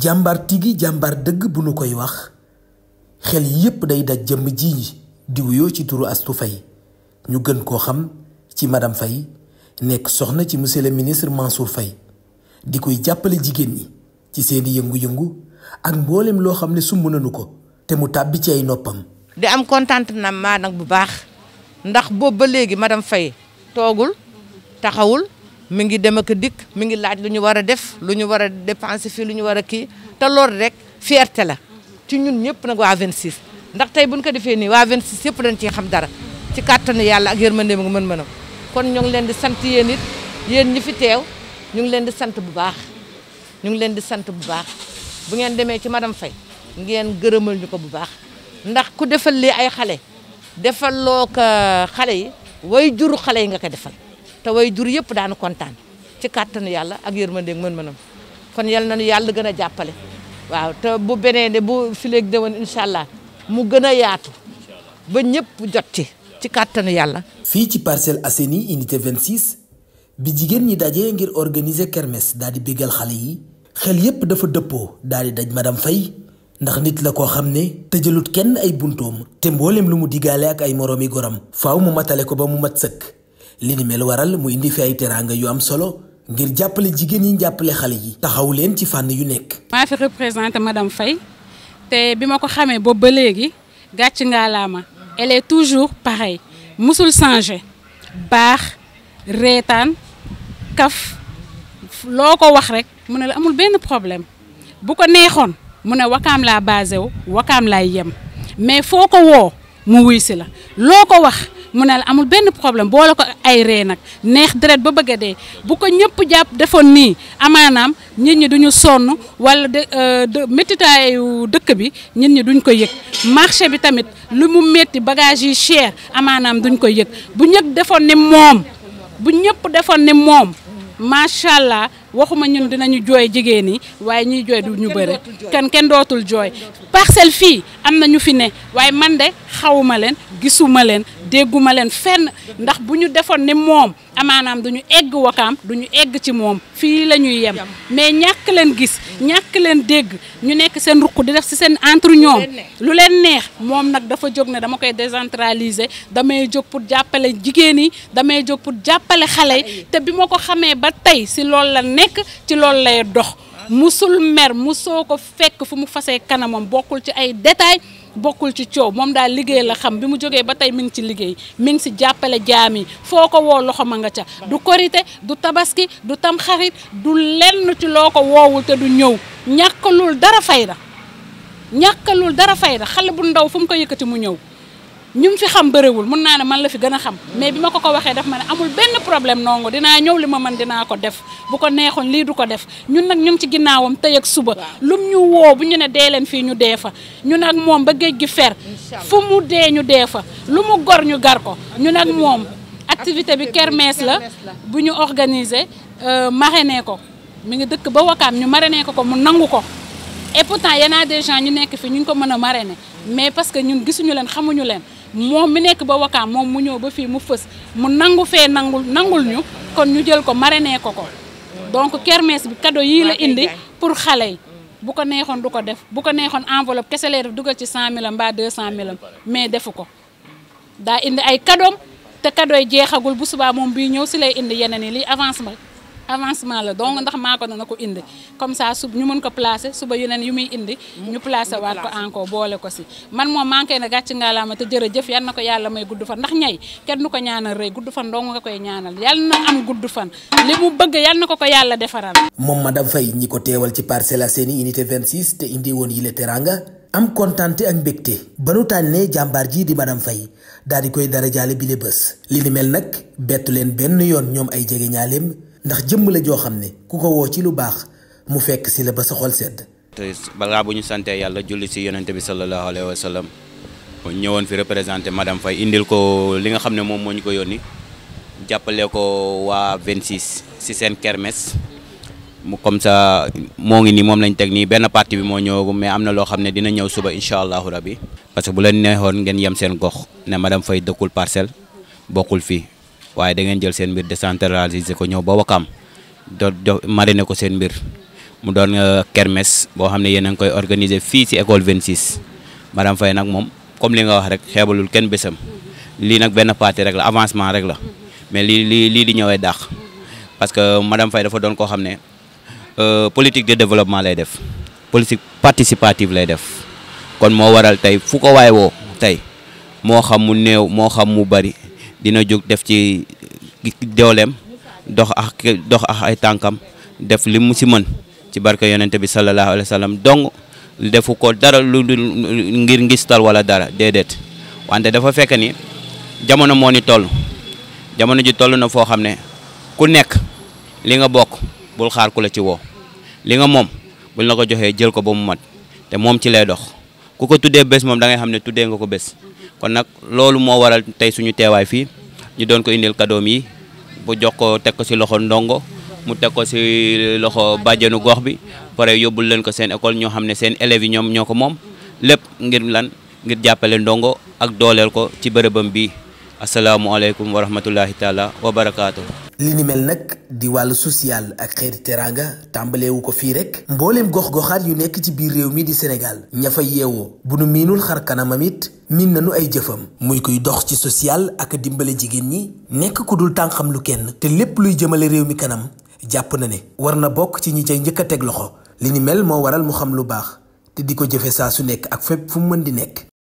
jàmbar tiggi jàmbar dëgg bu nu koy wax xel yépp day daj jëmm ji di wuyoo ci turu Astou Faye ñu gën koo xam ci madame fay nekk soxna ci monsieur le ministre Mansour Faye di koy jàppale jigéen ñi ci seeni yëngu-yëngu ak mboolem loo xam ne sumb nañu ko te mu tàbbi ci ay noppam. di am na nag bu baax ndax boobu ba léegi madame Faye toogul taxawul. mi ngi dem ak dikk mi ngi laaj lu ñu war a def lu ñu war a dépenser fii lu ñu war a kii te loolu rek fierté la ci ñun ñëpp nag waa 26. ndax tey buñ ko defee nii waa 26 yëpp dañ ciy xam dara ci kàttanu yàlla ak yërmande mu mën-mënam kon ñu ngi leen di sant yéen it yéen ñi fi teew ñu ngi leen di sant bu baax ñu ngi leen di sant bu baax bu ngeen demee ci madame Faye ngeen gërëmal ñu ko bu baax ndax ku defal li ay xale defal loo ko xale yi way jur xale yi nga ko defal te way jur yëpp daanu kontaan ci kàttanu yàlla ak yërmandeeg mën-mënam kon yal nañu yàlla gën a jàppale waaw te bu beneen bu fileeg déwén incha allah mu gën a yaatu ba ñëpp jot ci ci kàttanu yàlla. fii ci Parcelles Assainies unité 26 bi jigéen ñi dajee ngir organiser kermes daal di bégal xale yi xel yépp dafa dëppoo daal di daj madame Faye ndax nit la koo xam ne tëjalut kenn ay buntoom te mboolem lu mu digaale ak ay moroomi goram faaw mu matale ko ba mu mat sëkk. li ni mel waral mu indi fi ay teraanga yu am solo ngir jàppale jigéen yi jàppale xale yi. taxaw leen ci fànn yu nekk. maa fi ma dam Faye te bi ma ko xamee boobu ba léegi gàcc ngaalaama elle est toujours pareille musul changé baax reetaan kaf loo ko wax rek mu ne la amul benn problème bu ko neexoon mu ne wakaam laa basé wu wakaam laay yem mais foo ko woo mu wuy si la loo ko wax. mu ne la amul benn problème boole ko ay ree nag neex dret ba bëgg a dee bu ko ñëpp jàpp defoon nii amaanaam nit ñi duñu sonn wala de euh, méttitaayu dëkk bi nit ñi duñ ko yëg marché bi tamit lu mu métti bagage yi cher amaanaam duñ ko yëg bu ñëpp defoon ni moom bu ñëpp defoon ni moom macha allah waxuma ñun dinañu jooy jigéen ñi waaye ñuy jooy du ñu bëre kenn kenn dootul jooy parcelle fii am na ñu fi ne waaye man de xawuma leen gisuma leen dégguma leen fenn ndax bu ñu defoon ni moom amaanaam duñu egg wakaam ñu egg ci moom fii la ñuy yem mais ñàkk leen gis ñàkk leen dégg ñu nekk seen ruq di def si seen entre ñoom lu leen neex moom nag dafa jóg ne dama koy décentraliser damay jóg pour jàppale jigéen yi damay jóg pour jàppale xale yi te bi ma ko xamee ba tey si loolu la nekk ci lool lay dox ah. musul mer musoo ko fekk fu mu fasee kanamam bokkul ci ay détails bokkul ci coow moom daal liggéey la xam bi mu jógee ba tey mi ngi ci liggéey mi ngi si jàppale jaam yi foo ko woo loxo ma nga ca du korite du tabaski du tamxarit du lenn ci loo ko woowul te du ñëw ñàkkalul dara fayda ñàkkalul dara fayda xale bu ndaw fu mu ko yëkkati mu ñëw ñu fi xam bëriwul mun naa ne man la fi gën a xam mais bi ma ko ko waxee daf ma ne amul benn problème nongo dinaa ñëw li ma mën dinaa ko def bu ko neexoon lii du ko def ñun nag ñu ngi ci ginnaawam tey ak suba lum ñu woo bu ñu ne dee leen fii ñu dee fa ñu nag moom ba géej gi fer fu mu dee ñu dee fa lu mu gor ñu gar ko ñu nag moom activité bi kermees la bu ñu organiser euh, marraine ko mi ngi dëkk ba wakaam ñu marraine ko ko mu nangu ko et pourtant y des gens ñu nekk fi ñu ngi ko mën a marrainer mais parce que ñun gisuñu leen xamuñu leen moom mi nekk ba wakaam moom mu ñëw ba fii mu fës mu nangu fee nangul nangul ñu kon ñu jël ko marraine ko ko donc kermesse bi kado yii la indi pour xale yi mm. bu ko neexoon du ko def bu ko neexoon enveloppe kese lay def dugal ci cent 100000 mbaa 200000 mais defu ko daa indi ay cadeau te cadeau yi jeexagul bu subaa moom bii ñëw si lay indi yeneen yi lii avancement. avancement la donc ndax maa ko dana indi comme ça sub ñu mën ko placer suba yeneen yu muy indi ñu placer waat ko encore boole ko si man moom manqué na gàcc ngaalaama te jërëjëf yal na ko yàlla may gudd fan ndax ñay kenn du ñaanal gudd fan dong nga koy ñaanal yal na am gudd fan li mu bëgg yal na ko ko yàlla defaral moom madame Faye ñi ko teewal ci Parcelles Assainies unité 26 te indi woon yile teranga am kontante ak mbégte banu nu tànnee jàmbaar di madame Faye Dari di koy dara jaale bile bés li ni mel nag bettu leen benn yoon ñoom ay ndax jëmm la joo xam ne ku ko woo ci lu baax mu fekk si la ba sa sedd. balaa bu ñu santee yàlla julli si yonent bi sallallahu alayhi wa sallam ñëwoon fi représenté madame Faye indil ko li nga xam ne moom moo ñu ko yónni jàppale ko waa 26 si seen kermesse mu comme sa moo ngi nii moom lañ teg nii benn partie bi moo ñëw mais am na loo xam ne dina ñëw suba incha allahu rabi parce que bu la neexoon ngeen yem seen gox ne madame Faye dëkkul parcelle bokkul fii. waaye da ngeen jël seen mbir décentraliser ko ñëw ba Wakaam do do mariner ko seen mbir mu doon euh, kermes boo xam ne yéen a ngi koy organiser fii si école 26 madame Faye nag moom comme li nga wax rek xeebalul kenn bésam lii nag benn parti rek la avancement rek la mais lii lii lii di ñëwee dàq parce que madame Faye dafa doon koo xam ne euh, politique de développement lay def politique participative lay def kon moo waral tey fu ko waay woo tey moo xam mu néew moo xam mu bari dina juk def ci dolem dox ak dox ak ay tankam def lim ci man ci barke yonente bi sallalahu alayhi wasallam dong defu ko dara lu ngir ngistal wala dara dedet wante dafa fek ni jamono moni ni toll jamono ji toll na fo xamne ne ku nek li nga bok bul xaar ku la ci wo li nga mom bul nako ko jël ko bu mu mat te mom ci lay dox ku ko tuddee bes mom da ngay ne nga ko bes kon nag loolu moo waral tey suñu teewaay fii ñu doon ko indil kadoom yi bu jox ko teg ko si loxo ndongo mu teg ko si loxo bàjjenu gox bi pare yóbbul leen ko seen école ñoo xam ne seen élèves yi ñoom ñoo ko moom lépp ngir lan ngir jàppale ndongo ak dooleel ko ci bërëbam bii asalaamualeykum wa rahmatullahi taala wa barakaatu. li ni mel nag di wàll social ak xeeti teraanga tàmbalewu ko fii rek mbooleem gox-goxaat yu nekk ci biir réew mi di Sénégal ña fa yeewoo bu nu miinul xar kanamam it miin nañu ay jëfam muy kuy dox ci social ak dimbale jigéen ñi nekk ku dul tànqam lu kenn te lépp luy jëmale réew mi kanam jàpp na ne war na bokk ci ñi cay njëkka a teg loxo li ni mel moo waral mu xam lu baax te di ko jëfe saa su nekk ak fépp fu mu mën di nekk